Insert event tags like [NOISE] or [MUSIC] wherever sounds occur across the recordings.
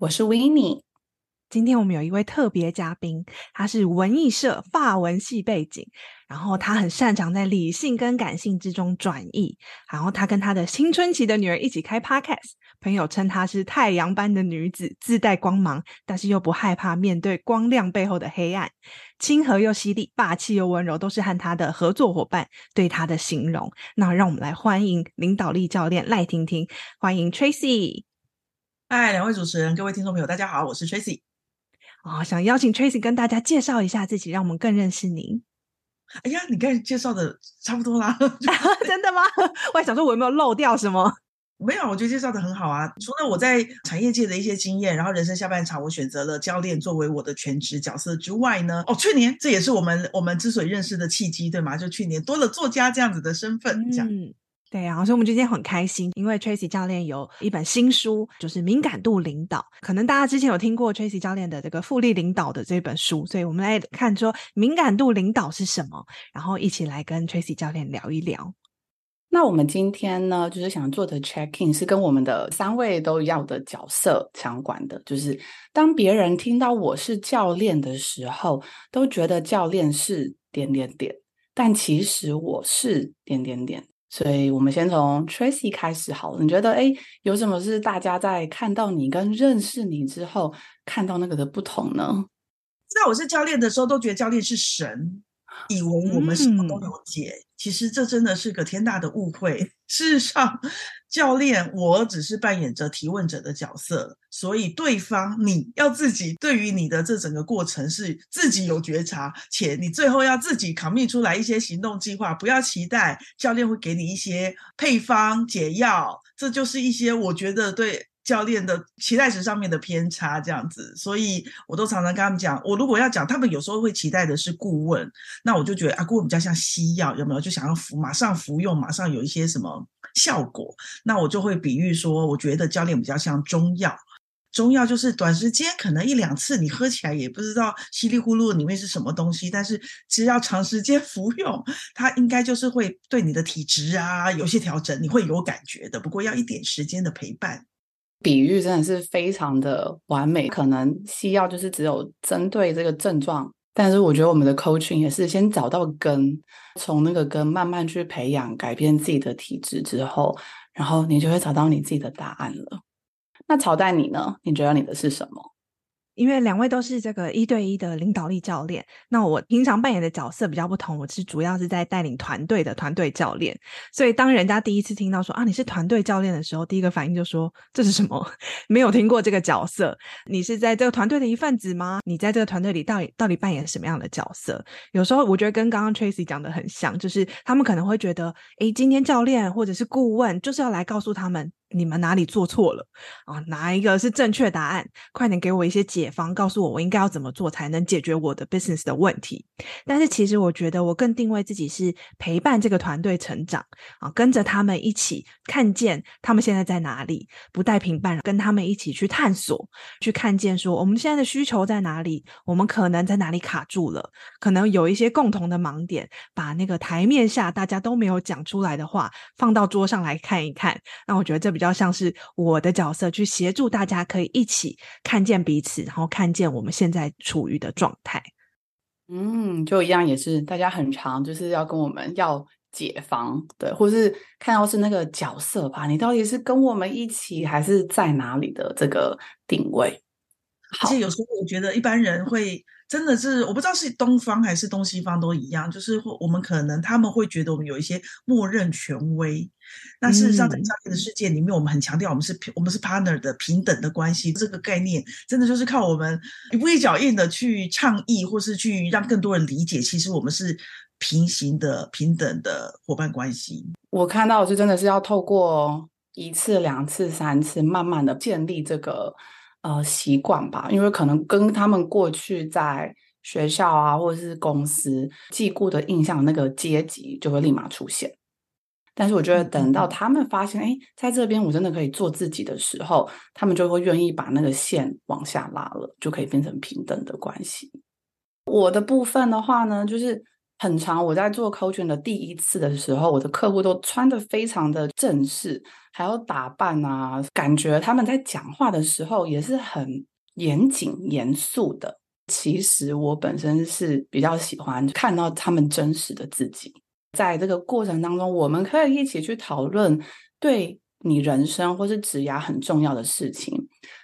我是 Winnie。今天我們有一位特別嘉賓，她是文藝社法文系背景，然後她很擅長在理性跟感性之中轉譯，然後她跟她的青春期的女兒一起開 Podcast，朋友稱她是太陽般的女子，自帶光芒，但是又不害怕面對光亮背後的黑暗，親和又犀利，霸氣又溫柔，都是和她的合作夥伴對她的形容。那讓我們來歡迎領導力教練賴婷婷，歡迎 Tracy。哎，Hi, 兩位主持人，各位聽眾朋友，大家好，我是 Tracy，啊、哦，想邀請 Tracy 跟大家介紹一下自己，讓我們更認識您。哎呀，你剛才介紹的差不多啦，啊、 [LAUGHS] 真的嗎？我還想說，我有沒有漏掉什麼？沒有，我覺得介紹的很好啊。除了我在產業界的一些經驗，然後人生下半場我選擇了教練作為我的全職角色之外呢，哦，去年這也是我們我們之所以認識的契機，對嗎？就去年多了作家這樣子的身份，這樣、嗯。對啊，然後所以我們今天很開心，因為 Tracy 教練有一本新書，就是《敏感度領導》。可能大家之前有聽過 Tracy 教練的這個複利領導的這本書，所以我們來看說敏感度領導是什麼，然後一起來跟 Tracy 教練聊一聊。那我們今天呢，就是想做的 check-in 是跟我們的三位都要的角色相關的就是，當別人聽到我是教練的時候，都覺得教練是點點點，但其實我是點點點。所以我們先從 Tracy 開始好了，你覺得哎，有什麼是大家在看到你跟認識你之後看到那個的不同呢？在我是教練的時候，都覺得教練是神。以為我們什麼都了解，嗯、其實這真的是個天大的誤會。事實上，教練我只是扮演着提問者的角色，所以對方你要自己對於你的這整個過程是自己有覺察，且你最後要自己 commit 出來一些行動計劃，不要期待教練會給你一些配方解藥。這就是一些我覺得對教練的期待值上面的偏差，這樣子，所以我都常常跟他們講，我如果要講，他們有時候會期待的是顧問，那我就覺得啊，顧問比較像西藥，有沒有？就想要服，馬上服用，馬上有一些什麼效果？那我就會比喻說，我覺得教練比較像中藥，中藥就是短時間可能一兩次你喝起來也不知道稀里呼嚕裡面是什麼東西，但是只要長時間服用，它應該就是會對你的體質啊有些調整，你會有感覺的。不過要一點時間的陪伴。比喻真的是非常的完美，可能西藥就是只有針對這個症狀，但是我覺得我們的 coaching 也是先找到根，從那個根慢慢去培養，改變自己的體質之後，然後你就會找到你自己的答案了。那朝代你呢？你覺得你的是什麼？因為兩位都是這個一對一的領導力教練，那我平常扮演的角色比較不同，我是主要是在帶領團隊的團隊教練。所以當人家第一次聽到說啊你是團隊教練的時候，第一個反應就說，這是什麼？沒有聽過這個角色。你是在這個團隊的一份子嗎？你在這個團隊裡到底到底扮演什麼樣的角色？有時候我覺得跟剛剛 Tracy 講的很像，就是他們可能會覺得，誒，今天教練或者是顧問就是要來告訴他們。你們哪裡做錯了啊？哪一個是正確答案？快點給我一些解方，告訴我我應該要怎麼做才能解決我的 business 的問題。但是其實我覺得我更定位自己是陪伴這個團隊成長啊，跟着他們一起看見他們現在在哪裡，不帶評判，跟他們一起去探索，去看見說我們現在的需求在哪裡，我們可能在哪裡卡住了，可能有一些共同的盲點，把那個台面下大家都沒有講出來的話放到桌上來看一看。那我覺得這比較比較像是我的角色去協助大家，可以一起看見彼此，然後看見我們現在處於的狀態。嗯，就一樣也是大家很常就是要跟我們要解方，對，或是看到是那個角色吧？你到底是跟我們一起，還是在哪裡的這個定位？好而且有時候我覺得一般人會真的是我不知道是東方還是東西方都一樣，就是我們可能他們會覺得我們有一些默認權威。那事實上，在商業的世界裡面，我們很強調我們是平我們是 partner 的平等的關係這個概念，真的就是靠我們一步一腳印的去倡議，或是去讓更多人理解，其實我們是平行的平等的伙伴關係。我看到我是真的是要透過一次、兩次、三次，慢慢的建立這個。呃，習慣吧，因為可能跟他們過去在學校啊，或者是公司既故的印象的那個階級就會立馬出現。但是我覺得等到他們發現，哎、嗯，在這邊我真的可以做自己的時候，他們就會願意把那個線往下拉了，就可以變成平等的關係。我的部分的話呢，就是。很常，我在做 coaching 的第一次的時候，我的客戶都穿得非常的正式，還有打扮啊，感覺他們在講話的時候也是很嚴謹、嚴肅的。其實我本身是比較喜歡看到他們真實的自己，在這個過程當中，我們可以一起去討論對你人生或是職涯很重要的事情。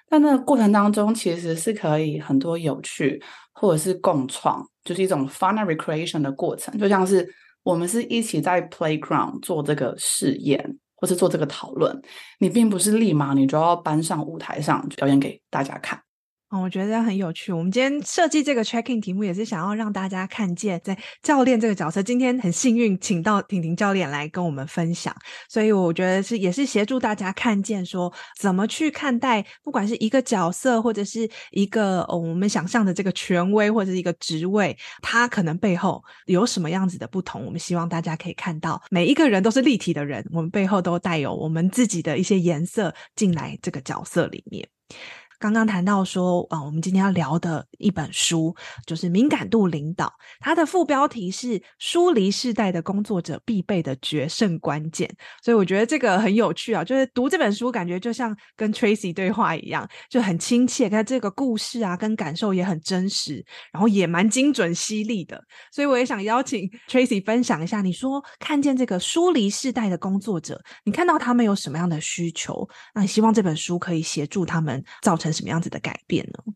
那那個過程當中，其實是可以很多有趣或者是共創。就是一種 fun recreation 的過程，就像是我們是一起在 playground 做這個試驗，或是做這個討論。你並不是立馬你就要搬上舞台上表演給大家看。哦，我覺得很有趣。我們今天設計這個 Check-In 題目，也是想要讓大家看見，在教練這個角色。今天很幸運，請到婷婷教練來跟我們分享。所以我覺得是也是協助大家看見說，說怎麼去看待，不管是一個角色，或者是一個，哦，我們想象的這個權威，或者是一個職位，它可能背後有什麼樣子的不同。我們希望大家可以看到，每一個人都是立體的人，我們背後都帶有我們自己的一些顏色進來這個角色裡面。剛剛談到說啊、呃，我們今天要聊的一本書就是《敏感度領導》，它的副標題是“疏離世代的工作者必備的決勝關鍵”。所以我覺得這個很有趣啊，就是讀這本書感覺就像跟 Tracy 對話一樣，就很親切。看這個故事啊，跟感受也很真實，然後也蠻精準犀利的。所以我也想邀請 Tracy 分享一下，你說看見這個疏離世代的工作者，你看到他們有什麼樣的需求？那你希望這本書可以協助他們造成？成什麼樣子的改變呢？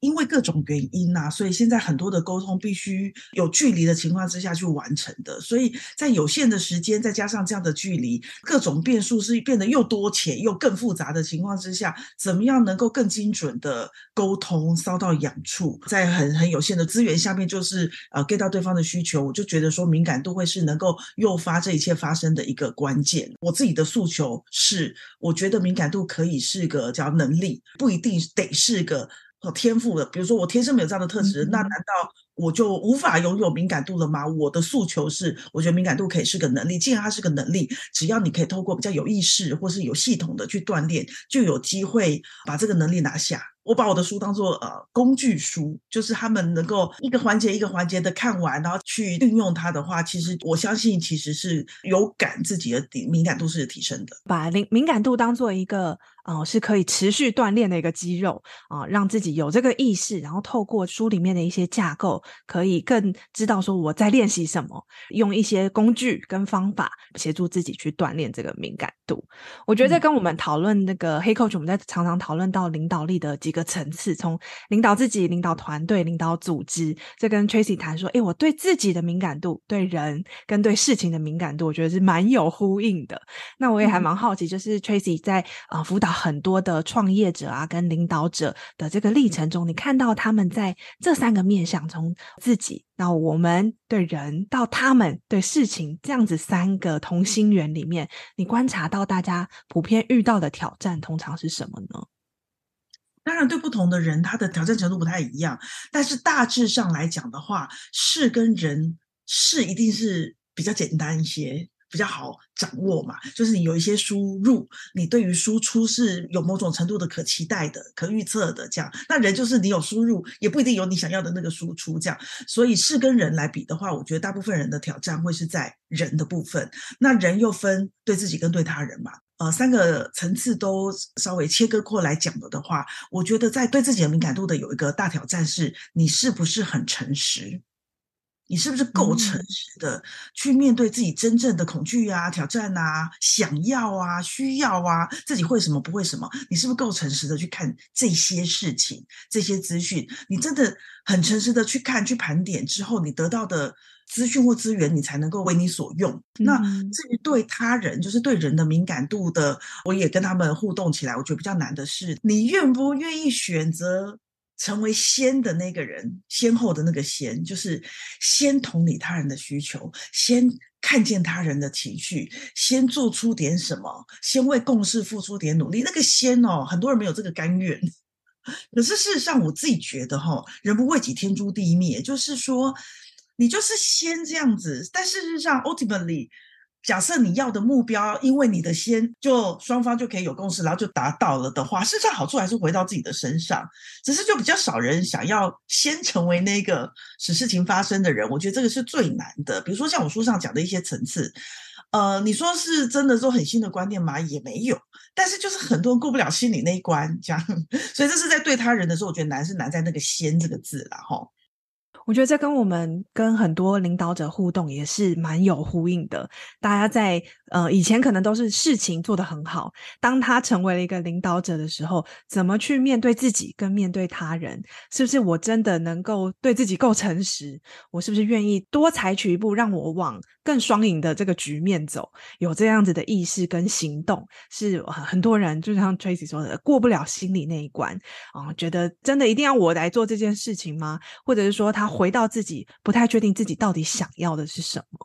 因為各種原因吶、啊，所以現在很多的溝通必須有距離的情況之下去完成的。所以在有限的時間，再加上這樣的距離，各種變數是變得又多且又更複雜的情況之下，怎麼樣能夠更精準的溝通，搔到癢處，在很很有限的資源下面，就是呃 get 到對方的需求。我就覺得說，敏感度會是能夠誘發這一切發生的一個關鍵。我自己的訴求是，我覺得敏感度可以是個叫能力，不一定得是個。有天賦的，比如說我天生沒有這樣的特質，嗯、那難道我就無法擁有敏感度了嗎？我的訴求是，我覺得敏感度可以是個能力。既然它是個能力，只要你可以透過比較有意識或是有系統的去鍛鍊，就有機會把這個能力拿下。我把我的書當做呃工具書，就是他們能夠一個環節一個環節的看完，然後去運用它的話，其實我相信其實是有感自己的敏、敏感度是提升的。把敏感度當做一個。哦、呃，是可以持續鍛鍊的一個肌肉啊、呃，讓自己有這個意識，然後透過書裡面的一些架構，可以更知道說我在練習什麼，用一些工具跟方法協助自己去鍛鍊這個敏感度。我覺得在跟我們討論那個 Hey Coach、嗯、我們在常常討論到領導力的幾個層次，從領導自己、領導團隊、領導組織。這跟 Tracy 談說，哎，我對自己的敏感度、對人跟對事情的敏感度，我覺得是蠻有呼應的。那我也還蠻好奇，就是 Tracy 在啊、呃、輔導。很多的創業者啊，跟領導者的這個歷程中，你看到他們在這三個面向中，從自己到我們對人，到他們對事情，這樣子三個同心圓裡面，你觀察到大家普遍遇到的挑戰，通常是什麼呢？當然，對不同的人，他的挑戰程度不太一樣，但是大致上來講的話，事跟人事一定是比較簡單一些。比較好掌握嘛，就是你有一些輸入，你對於輸出是有某種程度的可期待的、可預測的這樣。那人就是你有輸入，也不一定有你想要的那個輸出這樣。所以事跟人來比的話，我覺得大部分人的挑戰會是在人的部分。那人又分對自己跟對他人嘛，呃，三個層次都稍微切割過來講了的話，我覺得在對自己的敏感度的有一個大挑戰是，你是不是很誠實？你是不是夠誠實的去面對自己真正的恐懼啊、嗯、挑戰啊、想要啊、需要啊？自己會什麼不會什麼？你是不是夠誠實的去看這些事情、這些資訊？你真的很誠實的去看、嗯、去盤點之後，你得到的資訊或資源，你才能夠為你所用。嗯、那至於對他人，就是對人的敏感度的，我也跟他們互動起來，我覺得比較難的是，你願不願意選擇？成為先的那個人，先後的那個先，就是先同理他人的需求，先看見他人的情緒，先做出點什麼，先為共事付出點努力。那個先哦，很多人沒有這個甘願。可是事實上，我自己覺得哈、哦，人不為己，天誅地滅。就是說，你就是先這樣子。但事實上，ultimately。假設你要的目標，因為你的先，就雙方就可以有共識，然後就達到了的話，事實上好處還是回到自己的身上，只是就比較少人想要先成為那個使事情發生的人。我覺得這個是最難的。比如說像我書上講的一些層次，呃，你說是真的說很新的觀念嗎？也沒有，但是就是很多人過不了心裡那一關，這樣，所以這是在對他人的時候，我覺得難是難在那個“先”這個字了，哈。我覺得這跟我們跟很多領導者互動也是蠻有呼應的。大家在呃以前可能都是事情做得很好，當他成為了一個領導者的時候，怎麼去面對自己跟面對他人？是不是我真的能夠對自己夠誠實？我是不是願意多採取一步，讓我往更雙贏的這個局面走？有這樣子的意識跟行動，是很多人就像 Tracy 說的，過不了心理那一關啊、哦，覺得真的一定要我來做這件事情嗎？或者是說他。回到自己不太確定自己到底想要的是什麼。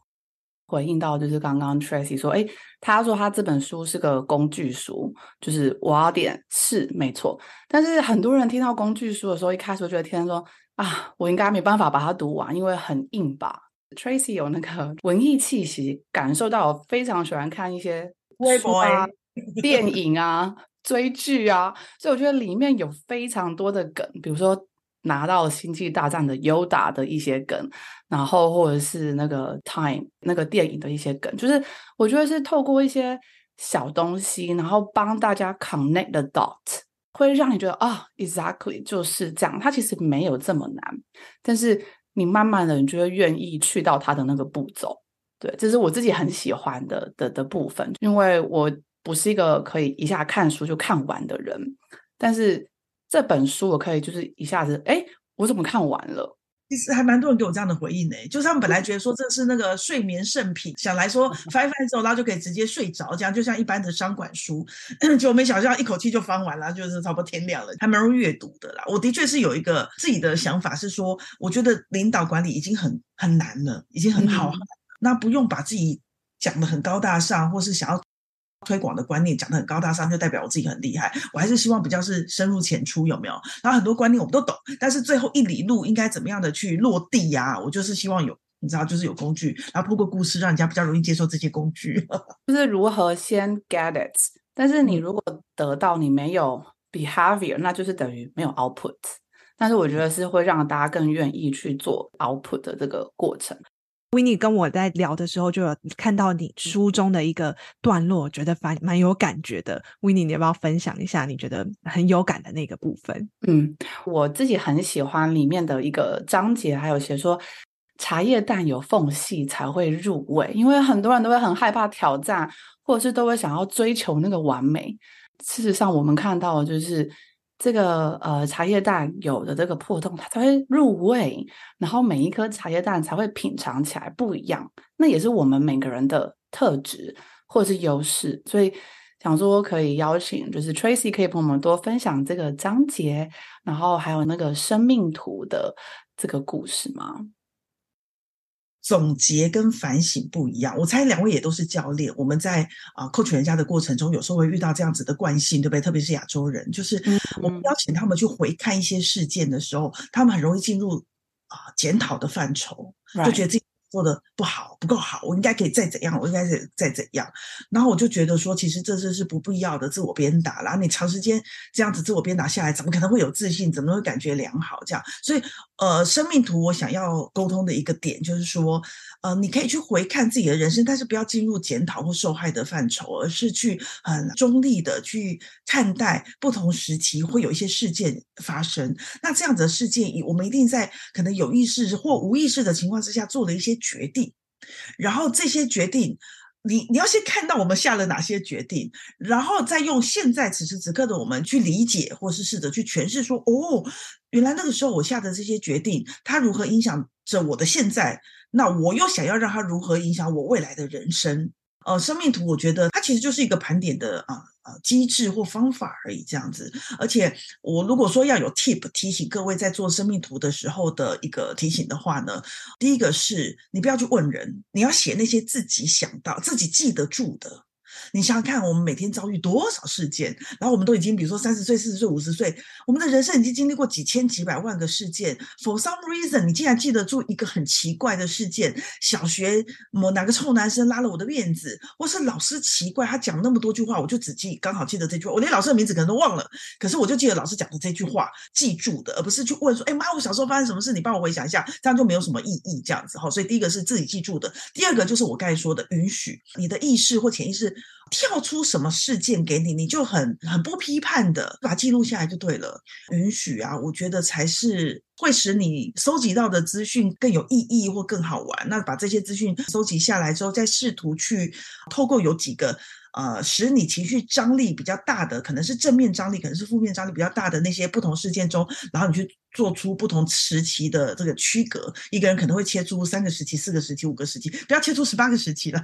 回應到就是剛剛 Tracy 說，哎、欸，他說他這本書是個工具書，就是我要點是沒錯。但是很多人聽到工具書的時候，一開始會覺得天天說啊，我應該沒辦法把它讀完，因為很硬吧。Tracy 有那個文藝氣息，感受到我非常喜歡看一些、啊、微博、欸、 [LAUGHS] 電影啊、追劇啊，所以我覺得裡面有非常多的梗，比如說。拿到《星際大戰》的尤達的一些梗，然後或者是那個《Time》那個電影的一些梗，就是我覺得是透過一些小東西，然後幫大家 connect the dot，會讓你覺得啊、哦，exactly 就是這樣，它其實沒有這麼難。但是你慢慢的，你就會願意去到它的那個步驟。對，這是我自己很喜歡的的的部分，因為我不是一個可以一下看書就看完的人，但是。這本書我可以就是一下子，哎，我怎麼看完了？其實還蠻多人給我這樣的回應呢。就是他們本來覺得說，這是那個睡眠聖品，想來說、嗯、翻一翻之後，然後就可以直接睡着，這樣就像一般的商管書， [COUGHS] 就沒想象一口氣就翻完了，就是差不多天亮了，還蠻容易閱讀的啦。我的確是有一個自己的想法是說，我覺得領導管理已經很很難了，已經很好，嗯、那不用把自己講得很高大上，或是想要推廣的觀念講得很高大上，就代表我自己很厲害。我還是希望比較是深入淺出，有沒有？然後很多觀念我們都懂，但是最後一哩路應該怎麼樣的去落地呀？我就是希望有，你知道，就是有工具，然後透過故事讓人家比較容易接受這些工具，就是如何先 get it。但是你如果得到你沒有 behavior，那就是等於沒有 output。但是我覺得是會讓大家更願意去做 output 的這個過程。Winnie 跟我在聊的時候，就有看到你書中的一個段落，覺得蠻蠻有感覺的。Winnie，你要不要分享一下你覺得很有感的那個部分？嗯，我自己很喜歡裡面的一個章節，還有寫說茶葉蛋有縫隙才會入味，因為很多人都會很害怕挑戰，或者是都會想要追求那個完美。事實上，我們看到的就是。這個呃茶葉蛋有的這個破洞，它才會入味，然後每一顆茶葉蛋才會品嘗起來不一樣。那也是我們每個人的特質或是優勢，所以想說可以邀請，就是 Tracy 可以幫我們多分享這個章節，然後還有那個生命圖的這個故事嗎？總結跟反省不一樣，我猜兩位也都是教練。我們在啊 coach、呃、人家的過程中，有時候會遇到這樣子的慣性，對不對？特別是亞洲人，就是我們邀請他們去回看一些事件的時候，他們很容易進入啊、呃、檢討的範疇，就覺得自己做的不好。Right. 不夠好，我應該可以再怎樣？我應該是再怎樣？然後我就覺得說，其實這這是不必要的自我鞭打。然後你長時間這樣子自我鞭打下來，怎麼可能會有自信？怎麼會感覺良好？這樣，所以呃，生命圖我想要溝通的一個點就是說，呃，你可以去回看自己的人生，但是不要進入檢討或受害的範疇，而是去很中立的去看待不同時期會有一些事件發生。那這樣子的事件，我們一定在可能有意識或無意識的情況之下做了一些決定。然後這些決定，你你要先看到我們下了哪些決定，然後再用現在此時此刻的我們去理解，或是試着去詮釋說，說哦，原來那個時候我下的這些決定，它如何影響着我的現在？那我又想要讓它如何影響我未來的人生？呃，生命圖我覺得它其實就是一個盤點的啊呃，呃機制或方法而已，這樣子。而且我如果說要有 tip 提醒各位在做生命圖的時候的一個提醒的話呢，第一個是，你不要去問人，你要寫那些自己想到、自己記得住的。你想想看，我們每天遭遇多少事件，然後我們都已經，比如說三十歲、四十歲、五十歲，我們的人生已經經歷過幾千幾百萬個事件。For some reason，你竟然記得住一個很奇怪的事件：小學某哪個臭男生拉了我的辮子，或是老師奇怪他講了那麼多句話，我就只記剛好記得這句話。我連老師的名字可能都忘了，可是我就記得老師講的這句話，記住的，而不是去問說：“哎，媽，我小時候發生什麼事？你幫我回想一下。”這樣就沒有什麼意義。這樣子，好，所以第一個是自己記住的，第二個就是我剛才說的，允許你的意識或潛意識。跳出什麼事件給你，你就很很不批判的把它記錄下來就對了。允許啊，我覺得才是會使你收集到的資訊更有意義或更好玩。那把這些資訊收集下來之後，再試圖去透過有幾個。呃，使你情緒張力比較大的，可能是正面張力，可能是負面張力比較大的那些不同事件中，然後你去做出不同時期的這個區隔。一個人可能會切出三個時期、四個時期、五個時期，不要切出十八個時期了，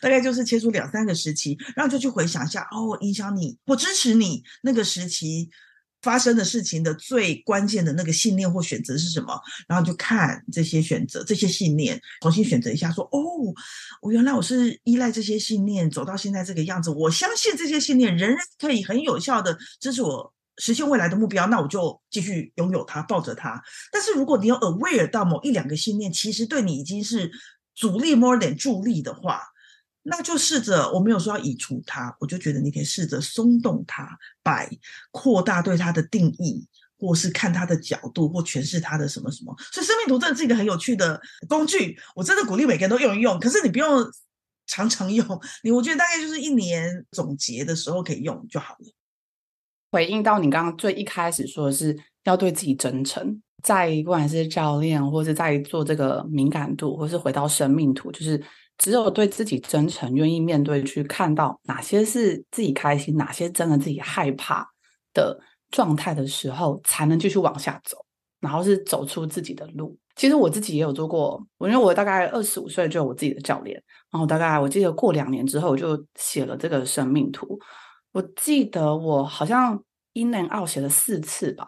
大概就是切出兩三個時期，然後就去回想一下，哦，影響你，我支持你那個時期發生的事情的最關鍵的那個信念或選擇是什麼？然後就看這些選擇、這些信念，重新選擇一下，說哦，我原來我是依賴這些信念走到現在這個樣子。我相信這些信念仍然可以很有效的支持我實現未來的目標。那我就繼續擁有它，抱着它。但是如果你有 aware 到某一兩個信念，其實對你已經是阻力 more than 助力的話。那就試着，我沒有說要移除它，我就覺得你可以試着鬆動它，擺擴大對它的定義，或是看它的角度，或詮釋它的什麼什麼。所以生命圖真的是一個很有趣的工具，我真的鼓勵每個人都用一用。可是你不用常常用，你我覺得大概就是一年總結的時候可以用就好了。回應到你剛剛最一開始說的是要對自己真誠，在不管是教練，或是在做這個敏感度，或是回到生命圖，就是。只有對自己真誠，願意面對，去看到哪些是自己開心，哪些真的自己害怕的狀態的時候，才能繼續往下走，然後是走出自己的路。其實我自己也有做過，因為我大概二十五歲就有我自己的教練，然後大概我記得過兩年之後，我就寫了這個生命圖。我記得我好像一年 t 寫了四次吧，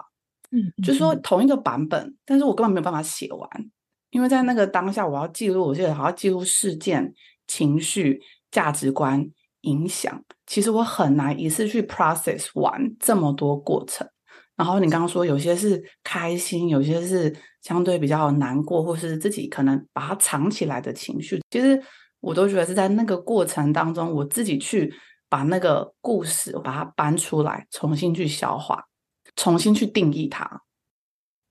嗯，就是說同一個版本，嗯、但是我根本沒有辦法寫完。因為在那個當下，我要記錄，我記得好像記錄事件、情緒、價值觀、影響。其實我很難一次去 process 完這麼多過程。然後你剛剛說有些是開心，有些是相對比較難過，或是自己可能把它藏起來的情緒，其實我都覺得是在那個過程當中，我自己去把那個故事，我把它搬出來，重新去消化，重新去定義它。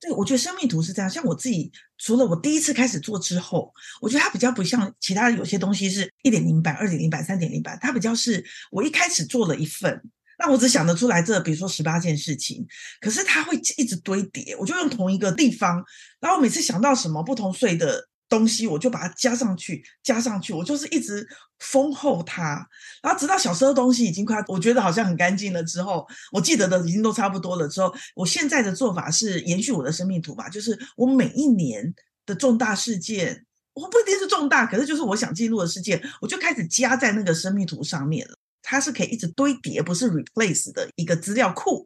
對，我覺得生命圖是這樣。像我自己，除了我第一次開始做之後，我覺得它比較不像其他的有些東西是一點零版、二點零版、三點零版，它比較是我一開始做了一份，那我只想得出來這比如說十八件事情，可是它會一直堆疊，我就用同一個地方，然後每次想到什麼不同歲的，東西我就把它加上去，加上去，我就是一直豐厚它，然後直到小時候東西已經快我覺得好像很乾淨了之後，我記得的已經都差不多了之後，我現在的做法是延續我的生命圖吧，就是我每一年的重大事件，我不一定是重大，可是就是我想記錄的事件，我就開始加在那個生命圖上面，它是可以一直堆疊，不是 replace 的一個資料庫。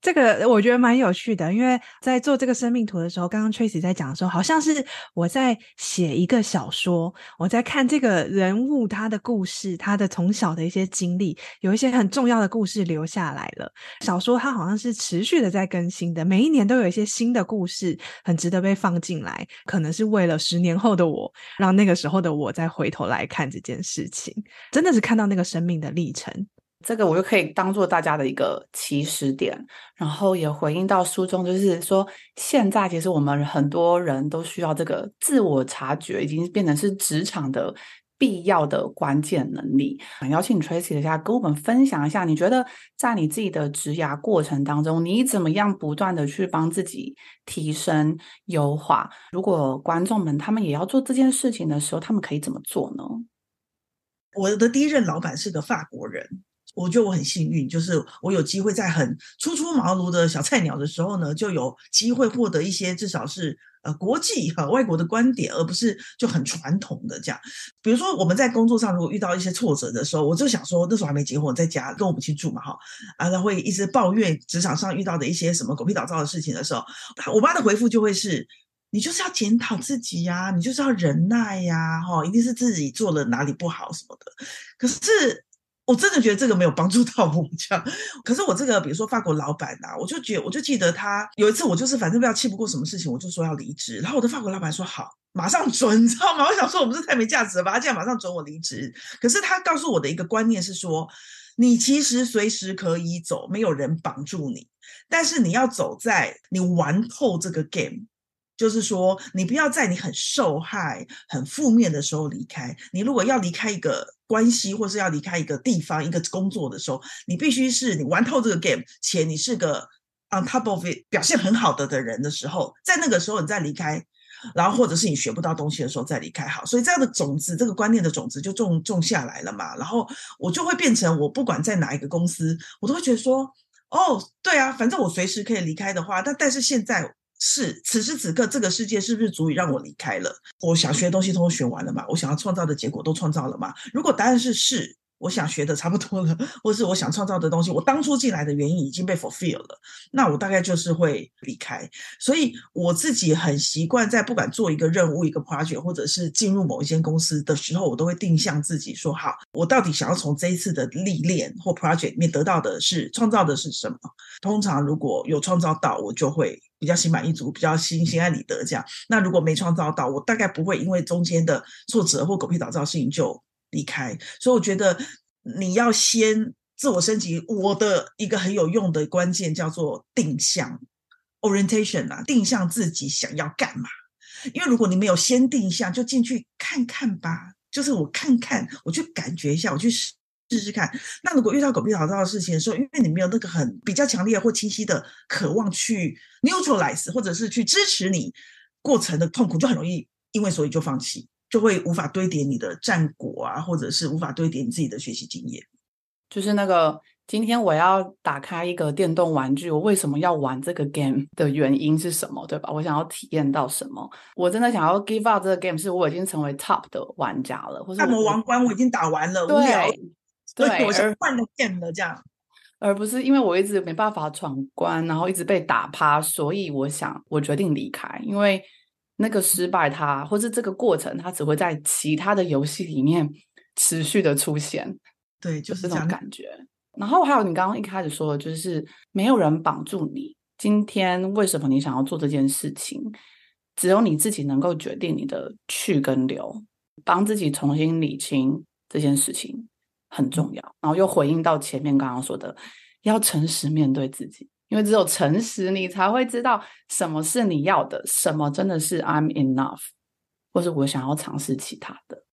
這個我覺得蠻有趣的，因為在做這個生命圖的時候，剛剛 Tracy 在講的時候，好像是我在寫一個小說，我在看這個人物他的故事，他的從小的一些經歷，有一些很重要的故事留下來了。小說它好像是持續的在更新的，每一年都有一些新的故事，很值得被放進來，可能是為了十年後的我，讓那個時候的我再回頭來看這件事情，真的是看到那個生命的歷程。這個我就可以當做大家的一個起始點，然後也回應到書中，就是說現在其實我們很多人都需要這個自我察覺，已經變成是職場的必要的關鍵能力。邀請 Tracy 來跟我們分享一下，你覺得在你自己的職涯過程當中，你怎麼樣不斷的去幫自己提升優化？如果觀眾們他們也要做這件事情的時候，他們可以怎麼做呢？我的第一任老闆是個法國人。我覺得我很幸運，就是我有機會在很初出茅廬的小菜鳥的時候呢，就有機會獲得一些至少是呃國際和、呃、外國的觀點，而不是就很傳統的這樣。比如說我們在工作上如果遇到一些挫折的時候，我就想說那時候還沒結婚，在家跟我母親住嘛哈、哦，啊，他會一直抱怨職場上遇到的一些什麼狗屁倒灶的事情的時候，我媽的回復就會是：你就是要檢討自己呀、啊，你就是要忍耐呀、啊哦，一定是自己做了哪裡不好什麼的。可是。我真的覺得這個沒有幫助到我這樣，可是我這個比如說法國老闆吶、啊，我就覺得我就記得他有一次，我就是反正比較氣不過什麼事情，我就說要離職，然後我的法國老闆說好，馬上准，你知道嗎？我想說我不是太沒價值了吧？他竟然馬上准我離職，可是他告訴我的一個觀念是說，你其實隨時可以走，沒有人綁住你，但是你要走在你玩透這個 game。就是說，你不要在你很受害、很負面的時候離開。你如果要離開一個關係，或是要離開一個地方、一個工作的時候，你必須是你玩透這個 game，且你是個 on top of it 表現很好的的人的時候，在那個時候你再離開，然後或者是你學不到東西的時候再離開。好，所以這樣的種子，這個觀念的種子就種種下來了嘛。然後我就會變成，我不管在哪一個公司，我都會覺得說，哦，對啊，反正我隨時可以離開的話。但但是現在。是，此時此刻，這個世界是不是足以讓我離開了？我想學的東西都都學完了嘛？我想要創造的結果都創造了嘛？如果答案是是。我想學的差不多了，或是我想創造的東西，我當初進來的原因已經被 fulfill 了，那我大概就是會離開。所以我自己很習慣在不管做一個任務、一個 project，或者是進入某一間公司的時候，我都會定向自己說：好，我到底想要從這一次的歷練或 project 裡面得到的是、創造的是什麼？通常如果有創造到，我就會比較心滿意足、比較心心安理得這樣。那如果沒創造到，我大概不會因為中間的挫折或狗屁倒灶事情就。離開，所以我覺得你要先自我升級。我的一個很有用的關鍵叫做定向 （orientation） 啊，定向自己想要幹嘛。因為如果你沒有先定向，就進去看看吧，就是我看看，我去感覺一下，我去試試看。那如果遇到狗屁老道的事情的時候，因為你沒有那個很比較強烈的或清晰的渴望去 neutralize，或者是去支持你過程的痛苦，就很容易因為所以就放棄。就會無法堆疊你的戰果啊，或者是無法堆疊你自己的學習經驗。就是那個，今天我要打開一個電動玩具，我為什麼要玩這個 game 的原因是什麼？對吧？我想要體驗到什麼？我真的想要 give up 這個 game，是我已經成為 top 的玩家了，或是我大魔王關，我已經打完了，對，無聊，對，我是換個 game 了這樣，而不是因為我一直沒辦法闖關，然後一直被打趴，所以我想我決定離開，因為。那個失敗，他，或是這個過程，他只會在其他的遊戲裡面持續的出現。對，就是這種感覺。然後還有你剛剛一開始說的，就是沒有人綁住你。今天為什麼你想要做這件事情？只有你自己能夠決定你的去跟留，幫自己重新理清這件事情很重要。然後又回應到前面剛剛說的，要誠實面對自己。因為只有誠實，你才會知道什麼是你要的，什麼真的是 I'm enough，或是我想要嘗試其他的。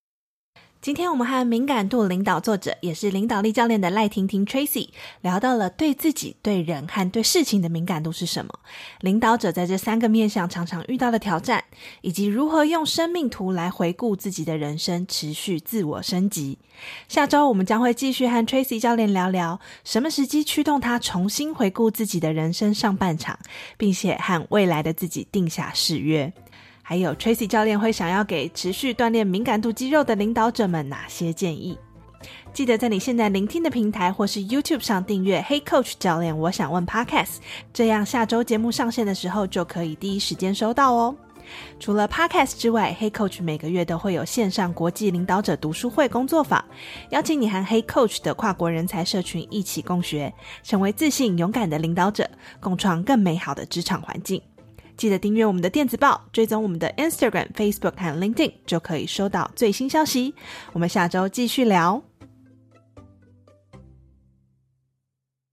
今天我們和敏感度領導作者，也是領導力教練的賴婷婷 （Tracy） 聊到了對自己、對人和對事情的敏感度是什麼，領導者在這三個面向常常遇到的挑戰，以及如何用生命圖來回顧自己的人生，持續自我升級。下周我們將會繼續和 Tracy 教練聊聊，什麼時機驅動他重新回顧自己的人生上半場，並且和未來的自己定下誓約。還有，Tracy 教練會想要給持續鍛鍊敏感度肌肉的領導者們哪些建議？記得在你現在聆聽的平台或是 YouTube 上訂閱 “Hey Coach” 教練我想問 Podcast，這樣下周節目上線的時候就可以第一時間收到哦。除了 Podcast 之外，Hey Coach 每個月都會有線上國際領導者讀書會工作坊，邀請你和 Hey Coach 的跨國人才社群一起共學，成為自信勇敢的領導者，共創更美好的職場環境。記得訂閱我們的電子報，追蹤我們的 Instagram、Facebook 和 LinkedIn，就可以收到最新消息。我們下週繼續聊。